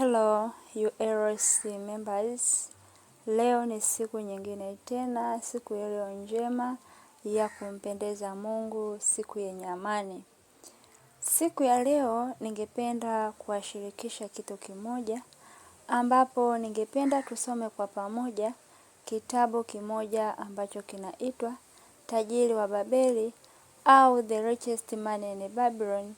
Hello you members, leo ni siku nyingine tena, siku ya leo njema ya kumpendeza Mungu, siku yenye amani. Siku ya leo ningependa kuwashirikisha kitu kimoja, ambapo ningependa tusome kwa pamoja kitabu kimoja ambacho kinaitwa Tajiri wa Babeli au The Richest Man in Babylon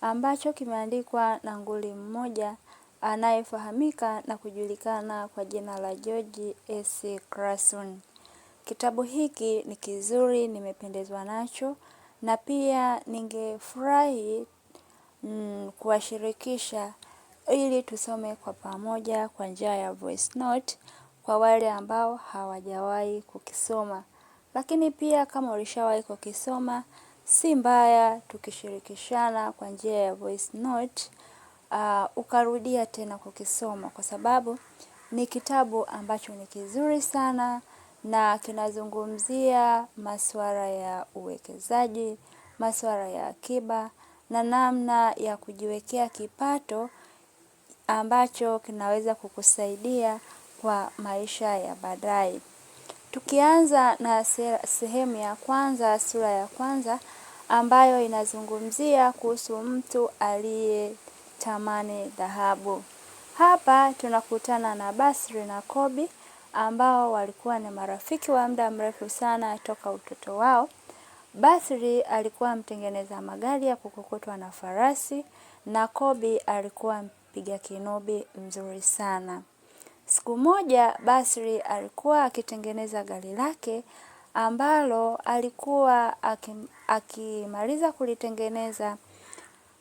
ambacho kimeandikwa na nguli mmoja anayefahamika na kujulikana kwa jina la George S. Clason. Kitabu hiki ni kizuri, nimependezwa nacho na pia ningefurahi mm, kuwashirikisha ili tusome kwa pamoja kwa njia ya voice note kwa wale ambao hawajawahi kukisoma. Lakini pia kama ulishawahi kukisoma, si mbaya tukishirikishana kwa njia ya voice note uh, ukarudia tena kukisoma kwa sababu ni kitabu ambacho ni kizuri sana na kinazungumzia masuala ya uwekezaji, masuala ya akiba na namna ya kujiwekea kipato ambacho kinaweza kukusaidia kwa maisha ya baadaye. Tukianza na sehemu ya kwanza, sura ya kwanza ambayo inazungumzia kuhusu mtu aliye tamani dhahabu. Hapa tunakutana na Basri na Kobi ambao walikuwa ni marafiki wa muda mrefu sana toka utoto wao. Basri alikuwa mtengeneza magari ya kukokotwa na farasi na Kobi alikuwa mpiga kinubi mzuri sana. Siku moja Basri alikuwa akitengeneza gari lake ambalo alikuwa akimaliza kulitengeneza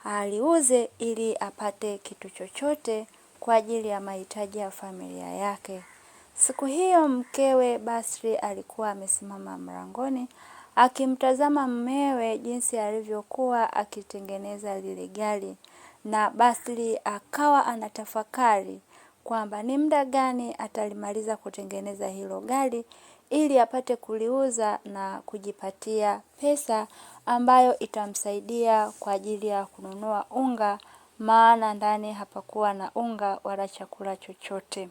aliuze ili apate kitu chochote kwa ajili ya mahitaji ya familia yake. Siku hiyo mkewe Basri alikuwa amesimama mlangoni akimtazama mmewe jinsi alivyokuwa akitengeneza lile gari, na Basri akawa anatafakari kwamba ni muda gani atalimaliza kutengeneza hilo gari ili apate kuliuza na kujipatia pesa ambayo itamsaidia kwa ajili ya kununua unga, maana ndani hapakuwa na unga wala chakula chochote.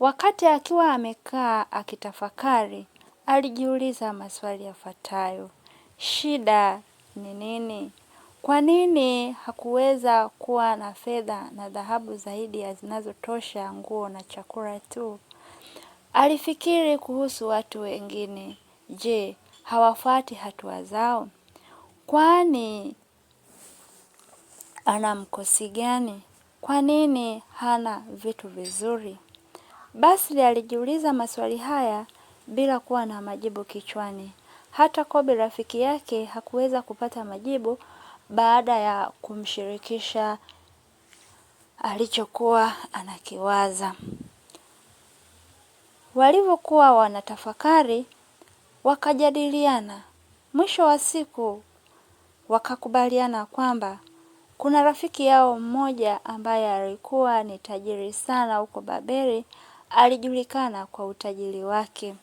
Wakati akiwa amekaa akitafakari, alijiuliza maswali yafuatayo: shida ni nini? Kwa nini hakuweza kuwa na fedha na dhahabu zaidi ya zinazotosha nguo na chakula tu? Alifikiri kuhusu watu wengine. Je, hawafuati hatua zao? Kwani ana mkosi gani? Kwa nini hana vitu vizuri? basi alijiuliza maswali haya bila kuwa na majibu kichwani. Hata Kobe rafiki yake hakuweza kupata majibu baada ya kumshirikisha alichokuwa anakiwaza. Walivyokuwa wanatafakari, wakajadiliana. Mwisho wa siku wakakubaliana kwamba kuna rafiki yao mmoja ambaye alikuwa ni tajiri sana huko Babeli, alijulikana kwa utajiri wake,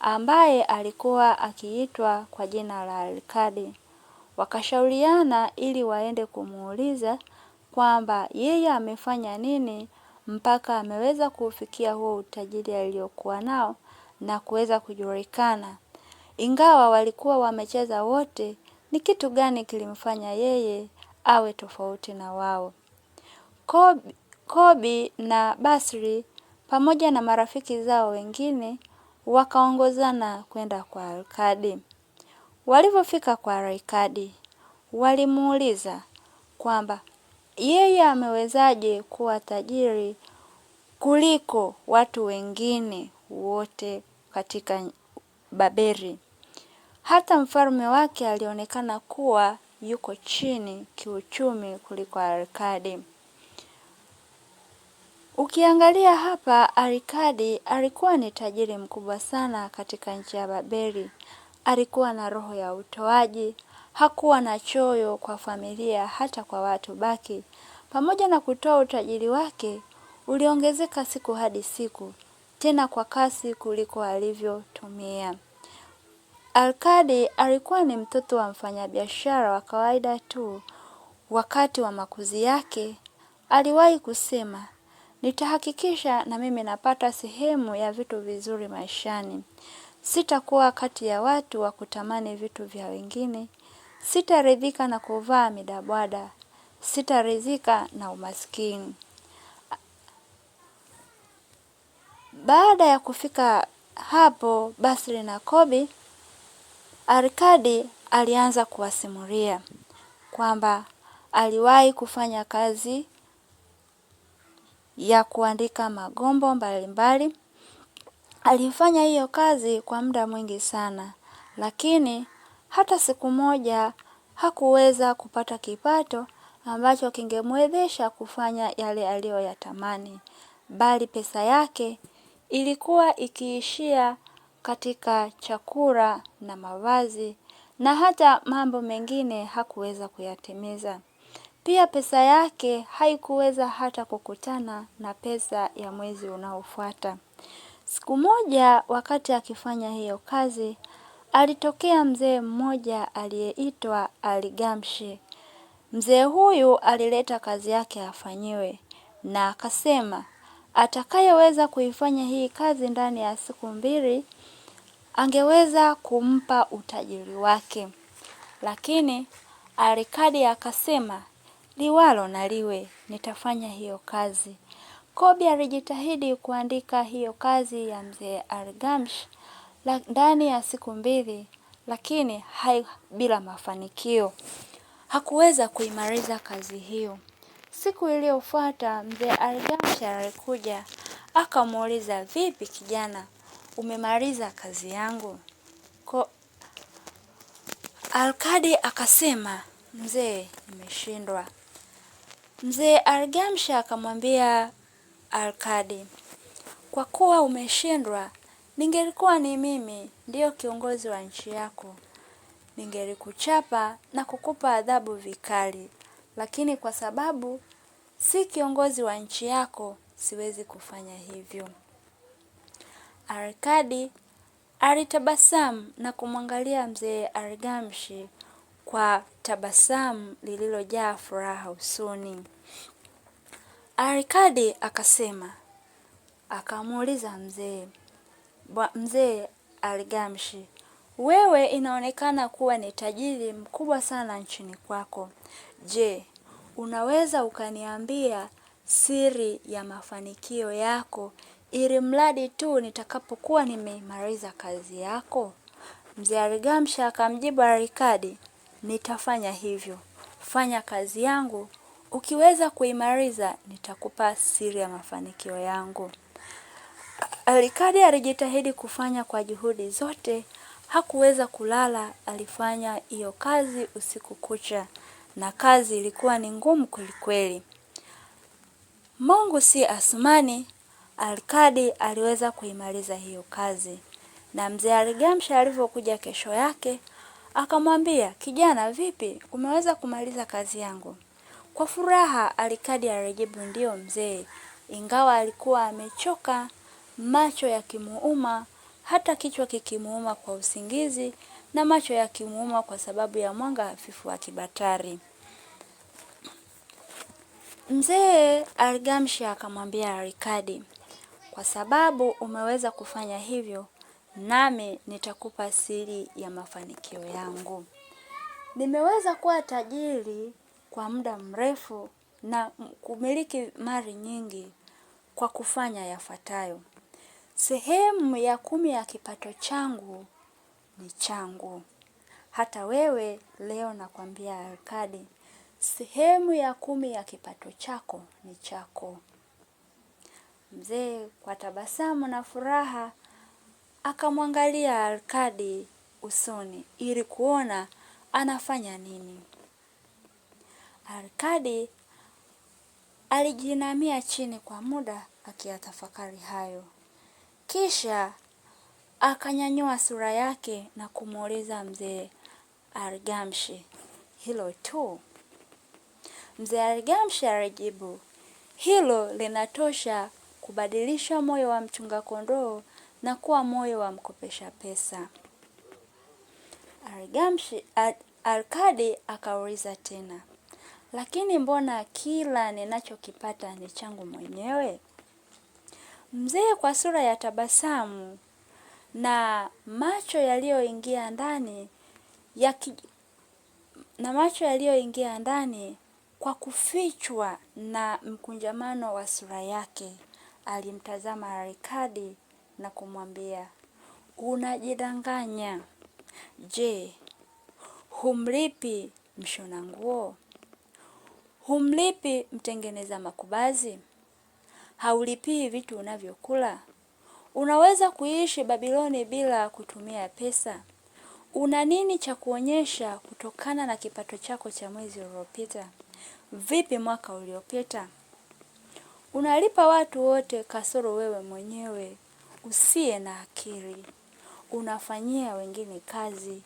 ambaye alikuwa akiitwa kwa jina la Alkadi. Wakashauriana ili waende kumuuliza kwamba yeye amefanya nini mpaka ameweza kuufikia huo utajiri aliokuwa nao na kuweza kujulikana. Ingawa walikuwa wamecheza wote, ni kitu gani kilimfanya yeye awe tofauti na wao? kobi Kobi na Basri pamoja na marafiki zao wengine wakaongozana kwenda kwa Arkadi. Walivyofika kwa Alkadi, walimuuliza kwamba yeye amewezaje kuwa tajiri kuliko watu wengine wote katika Babeli. Hata mfalme wake alionekana kuwa yuko chini kiuchumi kuliko Arkadi. Ukiangalia hapa, Arkadi alikuwa ni tajiri mkubwa sana katika nchi ya Babeli. Alikuwa na roho ya utoaji, Hakuwa na choyo kwa familia hata kwa watu baki. Pamoja na kutoa utajiri wake, uliongezeka siku hadi siku, tena kwa kasi kuliko alivyotumia. alkadi alikuwa ni mtoto wa mfanyabiashara wa kawaida tu. Wakati wa makuzi yake, aliwahi kusema, nitahakikisha na mimi napata sehemu ya vitu vizuri maishani. Sitakuwa kati ya watu wa kutamani vitu vya wengine, Sitaridhika na kuvaa midabwada, sitaridhika na umaskini. Baada ya kufika hapo Basri na Kobi, Arkadi alianza kuwasimulia kwamba aliwahi kufanya kazi ya kuandika magombo mbalimbali. Alifanya hiyo kazi kwa muda mwingi sana, lakini hata siku moja hakuweza kupata kipato ambacho kingemwezesha kufanya yale aliyoyatamani, bali pesa yake ilikuwa ikiishia katika chakula na mavazi, na hata mambo mengine hakuweza kuyatimiza. Pia pesa yake haikuweza hata kukutana na pesa ya mwezi unaofuata. Siku moja wakati akifanya hiyo kazi, Alitokea mzee mmoja aliyeitwa Aligamshi. Mzee huyu alileta kazi yake afanyiwe na akasema atakayeweza kuifanya hii kazi ndani ya siku mbili angeweza kumpa utajiri wake, lakini Alikadi akasema liwalo na liwe, nitafanya hiyo kazi. Kobi alijitahidi kuandika hiyo kazi ya mzee algamshi ndani ya siku mbili, lakini hai bila mafanikio. Hakuweza kuimaliza kazi hiyo. Siku iliyofuata mzee Aljamsha alikuja akamuuliza, vipi kijana, umemaliza kazi yangu? Ko Alkadi akasema, mzee, nimeshindwa. Mzee Aljamsha akamwambia Alkadi, kwa kuwa umeshindwa, Ningelikuwa ni mimi ndiyo kiongozi wa nchi yako, ningelikuchapa na kukupa adhabu vikali, lakini kwa sababu si kiongozi wa nchi yako, siwezi kufanya hivyo. Arkadi alitabasamu na kumwangalia mzee Argamshi kwa tabasamu lililojaa furaha usoni. Arkadi akasema, akamuuliza mzee, Mzee Algamshi, wewe inaonekana kuwa ni tajiri mkubwa sana nchini kwako. Je, unaweza ukaniambia siri ya mafanikio yako ili mradi tu nitakapokuwa nimeimaliza kazi yako? Mzee Algamshi akamjibu Arikadi, nitafanya hivyo. Fanya kazi yangu, ukiweza kuimaliza nitakupa siri ya mafanikio yangu. Alikadi alijitahidi kufanya kwa juhudi zote, hakuweza kulala. Alifanya hiyo kazi usiku kucha, na kazi ilikuwa ni ngumu kwelikweli. Mungu si asmani, Alikadi aliweza kuimaliza hiyo kazi. Na mzee Aligamsha alivyokuja kesho yake akamwambia, kijana, vipi, umeweza kumaliza kazi yangu? Kwa furaha Alikadi alijibu, ndiyo mzee, ingawa alikuwa amechoka macho yakimuuma, hata kichwa kikimuuma kwa usingizi na macho yakimuuma kwa sababu ya mwanga hafifu wa kibatari. Mzee Argamsha akamwambia Arikadi, kwa sababu umeweza kufanya hivyo, nami nitakupa siri ya mafanikio yangu. Nimeweza kuwa tajiri kwa muda mrefu na kumiliki mali nyingi kwa kufanya yafuatayo. Sehemu ya kumi ya kipato changu ni changu. Hata wewe leo nakwambia Arkadi, sehemu ya kumi ya kipato chako ni chako. Mzee kwa tabasamu na furaha akamwangalia Arkadi usoni ili kuona anafanya nini. Arkadi alijinamia chini kwa muda akiyatafakari hayo. Kisha akanyanyua sura yake na kumuuliza mzee Argamshi hilo tu. Mzee Argamshi alijibu, hilo linatosha kubadilisha moyo wa mchunga kondoo na kuwa moyo wa mkopesha pesa. Argamshi, Arkadi akauliza tena, lakini mbona kila ninachokipata ni changu mwenyewe? mzee kwa sura ya tabasamu na macho yaliyoingia ndani ya ki... na macho yaliyoingia ndani kwa kufichwa na mkunjamano wa sura yake. Alimtazama rikadi na kumwambia, unajidanganya. Je, humlipi mshona nguo? Humlipi mtengeneza makubazi? haulipii vitu unavyokula? Unaweza kuishi Babiloni bila kutumia pesa? Una nini cha kuonyesha kutokana na kipato chako cha mwezi uliopita? Vipi mwaka uliopita? Unalipa watu wote kasoro wewe mwenyewe usiye na akili. Unafanyia wengine kazi.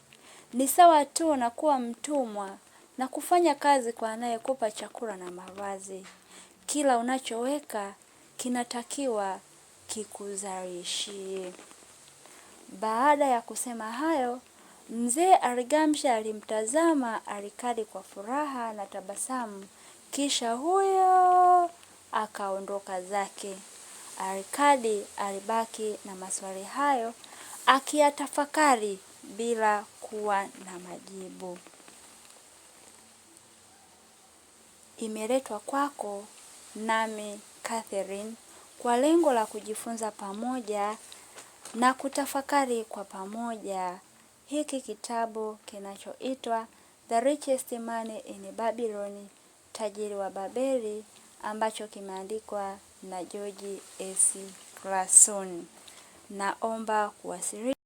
Ni sawa tu na kuwa mtumwa na kufanya kazi kwa anayekupa chakula na mavazi. Kila unachoweka kinatakiwa kikuzalishie. Baada ya kusema hayo, mzee Arigamsha alimtazama arikadi kwa furaha na tabasamu, kisha huyo akaondoka zake. arikadi alibaki na maswali hayo akiyatafakari bila kuwa na majibu. Imeletwa kwako nami Catherine kwa lengo la kujifunza pamoja na kutafakari kwa pamoja hiki kitabu kinachoitwa The Richest Man in Babylon, Tajiri wa Babeli ambacho kimeandikwa na George S. Clason. Naomba kuwasilisha